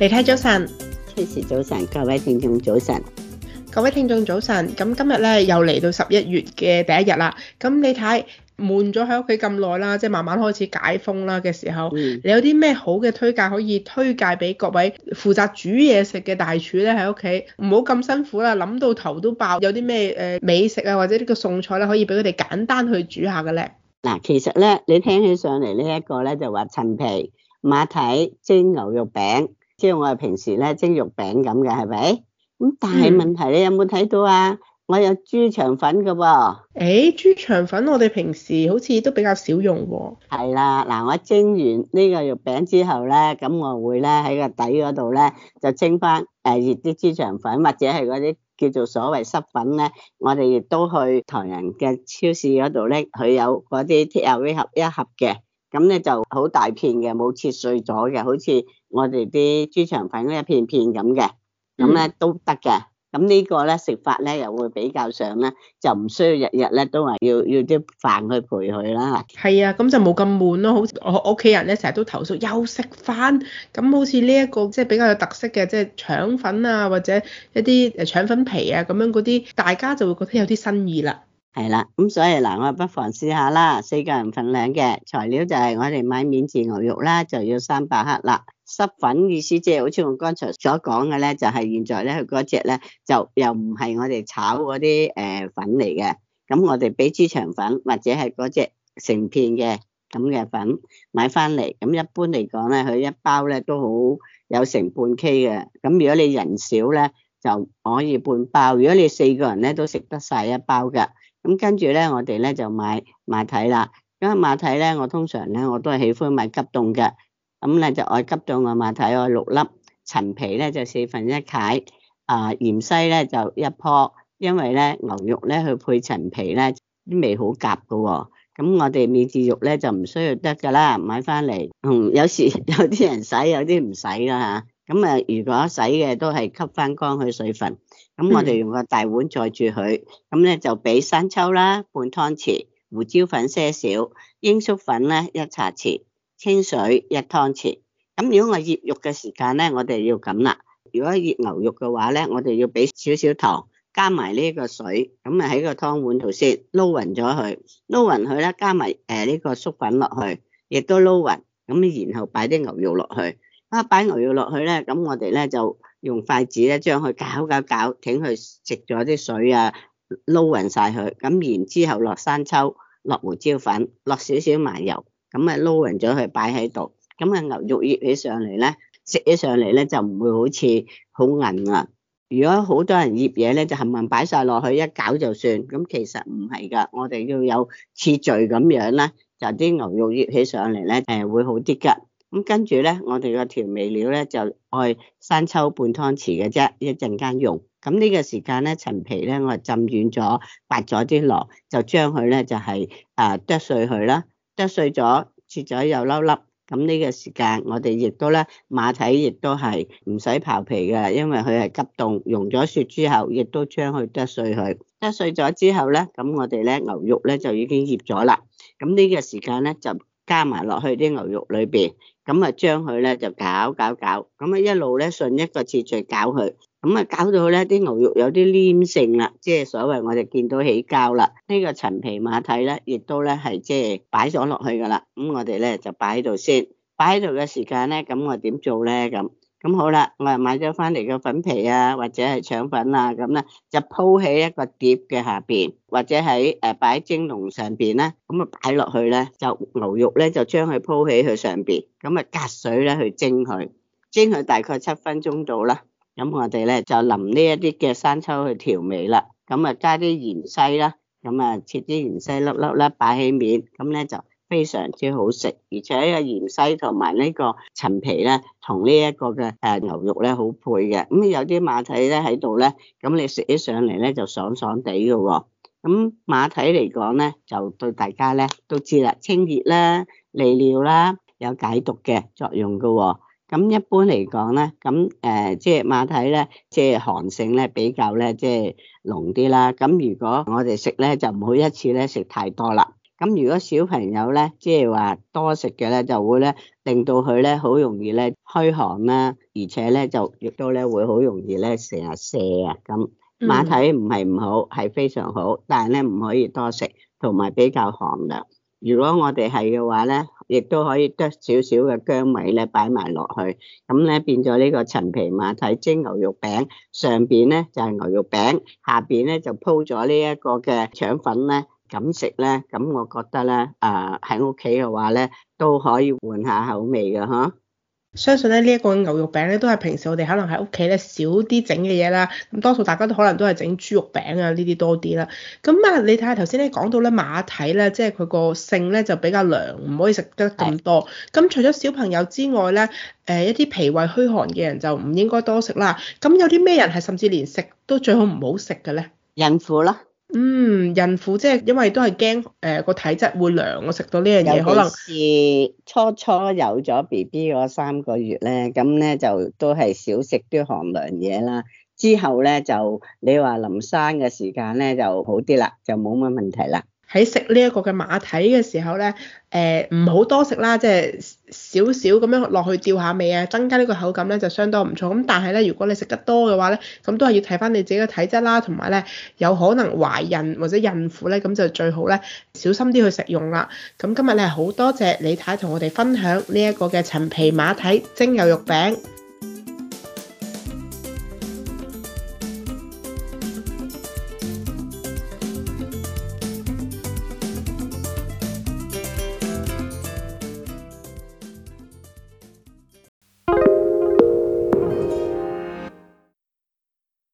你睇早晨，天時早晨，各位聽眾早晨，各位聽眾早晨。咁今日咧又嚟到十一月嘅第一日啦。咁你睇悶咗喺屋企咁耐啦，即係慢慢開始解封啦嘅時候，你有啲咩好嘅推介可以推介俾各位負責煮嘢食嘅大廚咧，喺屋企，唔好咁辛苦啦，諗到頭都爆。有啲咩誒美食啊，或者呢個餸菜咧，可以俾佢哋簡單去煮下嘅咧？嗱，其實咧，你聽起上嚟呢一個咧就話陳皮馬蹄蒸牛肉餅。即係我哋平時咧蒸肉餅咁嘅係咪？咁但係問題，你有冇睇到啊？我有豬腸粉嘅喎、哦。誒、欸，豬腸粉我哋平時好似都比較少用喎、哦。係啦，嗱，我蒸完呢個肉餅之後咧，咁我會咧喺個底嗰度咧就蒸翻誒熱啲豬腸粉，或者係嗰啲叫做所謂濕粉咧，我哋亦都去唐人嘅超市嗰度咧，佢有嗰啲 t u p 合一盒嘅。咁咧就好大片嘅，冇切碎咗嘅，好似我哋啲豬腸粉一片片咁嘅，咁咧、嗯、都得嘅。咁呢個咧食法咧又會比較上咧，就唔需要日日咧都話要要啲飯去陪佢啦。係啊，咁就冇咁悶咯。好似我屋企人咧成日都投訴又食飯，咁好似呢一個即係、就是、比較有特色嘅，即、就、係、是、腸粉啊或者一啲誒腸粉皮啊咁樣嗰啲，大家就會覺得有啲新意啦。係啦，咁所以嗱，我不妨試下啦。四個人份量嘅材料就係我哋買免治牛肉啦，就要三百克啦。濕粉意思即係好似我剛才所講嘅咧，就係現在咧佢嗰隻咧就又唔係我哋炒嗰啲誒粉嚟嘅。咁我哋俾豬腸粉或者係嗰隻成片嘅咁嘅粉買翻嚟。咁一般嚟講咧，佢一包咧都好有成半 K 嘅。咁如果你人少咧，就可以半包；如果你四個人咧都食得晒一包嘅。咁跟住咧，我哋咧就買馬蹄啦。咁馬蹄咧，我通常咧我都係喜歡買急凍嘅。咁、嗯、咧就愛急凍嘅馬蹄我六粒陳皮咧就四分一解。啊，芫茜咧就一樖，因為咧牛肉咧去配陳皮咧啲味好夾噶。咁、哦嗯、我哋免治肉咧就唔需要得噶啦，買翻嚟。嗯，有時有啲人使，有啲唔使啦嚇。咁啊、嗯，如果使嘅都係吸翻乾去水分。咁、嗯、我哋用個大碗載住佢，咁咧就俾生抽啦，半湯匙胡椒粉些少，鷹粟粉咧一茶匙，清水一湯匙。咁如果我醃肉嘅時間咧，我哋要咁啦。如果醃牛肉嘅話咧，我哋要俾少少糖，加埋呢個水，咁啊喺個湯碗度先撈匀咗佢，撈匀佢咧，加埋誒呢個粟粉落去，亦都撈匀，咁然後擺啲牛肉落去。啊擺牛肉落去咧，咁我哋咧就。用筷子咧，將佢攪攪攪，請佢食咗啲水啊，撈匀晒佢。咁然之後落生抽，落胡椒粉，落少少麻油，咁啊撈匀咗佢擺喺度。咁啊牛肉醃起上嚟咧，食起上嚟咧就唔會好似好韌啊。如果好多人醃嘢咧，就冚唪唥擺晒落去一攪就算。咁其實唔係㗎，我哋要有次序咁樣啦。就啲牛肉醃起上嚟咧，誒會好啲㗎。咁跟住咧，我哋個調味料咧就愛生抽半湯匙嘅啫，一陣間用。咁呢個時間咧，陳皮咧我係浸軟咗，挖咗啲落，就將佢咧就係誒剁碎佢啦，剁碎咗，切咗又粒粒。咁呢個時間，我哋亦都咧馬蹄亦都係唔使刨皮嘅，因為佢係急凍，融咗雪之後，亦都將佢剁碎佢。剁碎咗之後咧，咁我哋咧牛肉咧就已經醃咗啦。咁呢個時間咧就加埋落去啲牛肉裏邊。咁啊，將佢咧就搞搞搞，咁啊一路咧順一個次序搞佢，咁啊搞到咧啲牛肉有啲黏性啦，即係所謂我哋見到起膠啦。呢、這個陳皮馬蹄咧，亦都咧係即係擺咗落去噶啦，咁、嗯、我哋咧就擺喺度先，擺喺度嘅時間咧，咁我點做咧咁？咁好啦，我買咗翻嚟嘅粉皮啊，或者係腸粉啊，咁咧就鋪喺一個碟嘅下邊，或者喺誒擺蒸籠上邊咧，咁啊擺落去咧，就牛肉咧就將佢鋪喺佢上邊，咁啊隔水咧去蒸佢，蒸佢大概七分鐘到啦。咁我哋咧就淋呢一啲嘅生抽去調味啦，咁啊加啲芫茜啦，咁啊切啲芫茜粒粒啦擺起面，咁咧就。非常之好食，而且阿芫茜同埋呢個陳皮咧，同呢一個嘅誒牛肉咧好配嘅。咁有啲馬蹄咧喺度咧，咁你食起上嚟咧就爽爽地噶。咁馬蹄嚟講咧，就對大家咧都知啦，清熱啦、利尿啦，有解毒嘅作用噶。咁一般嚟講咧，咁誒即係馬蹄咧，即係寒性咧比較咧即係濃啲啦。咁如果我哋食咧，就唔好一次咧食太多啦。咁如果小朋友咧，即係話多食嘅咧，就會咧令到佢咧好容易咧虛寒啦，而且咧就亦都咧會好容易咧成日瀉啊咁。馬蹄唔係唔好，係非常好，但係咧唔可以多食，同埋比較寒涼。如果我哋係嘅話咧，亦都可以剁少少嘅薑米咧擺埋落去，咁咧變咗呢個陳皮馬蹄蒸牛肉餅，上邊咧就係牛肉餅，下邊咧就鋪咗呢一個嘅腸粉咧。飲食咧，咁我覺得咧，誒喺屋企嘅話咧，都可以換下口味嘅吓。相信咧呢一、這個牛肉餅咧，都係平時我哋可能喺屋企咧少啲整嘅嘢啦。咁多數大家都可能都係整豬肉餅啊呢啲多啲啦。咁啊，你睇下頭先咧講到咧馬蹄咧，即係佢個性咧就比較涼，唔可以食得咁多。咁是的 除咗小朋友之外咧，誒、呃、一啲脾胃虛寒嘅人就唔應該多食啦。咁有啲咩人係甚至連食都最好唔好食嘅咧？孕婦啦。嗯，孕婦即係因為都係驚誒個體質會涼，我食到呢樣嘢可能，初初有咗 BB 嗰三個月咧，咁咧就都係少食啲寒涼嘢啦。之後咧就你話臨生嘅時間咧就好啲啦，就冇乜問題啦。喺食呢一個嘅馬蹄嘅時候呢，誒唔好多食啦，即係少少咁樣落去吊下味啊，增加呢個口感呢就相當唔錯。咁但係呢，如果你食得多嘅話呢，咁都係要睇返你自己嘅體質啦，同埋呢有可能懷孕或者孕婦呢，咁就最好呢小心啲去食用啦。咁今日呢，好多謝李太同我哋分享呢一個嘅陳皮馬蹄蒸牛肉餅。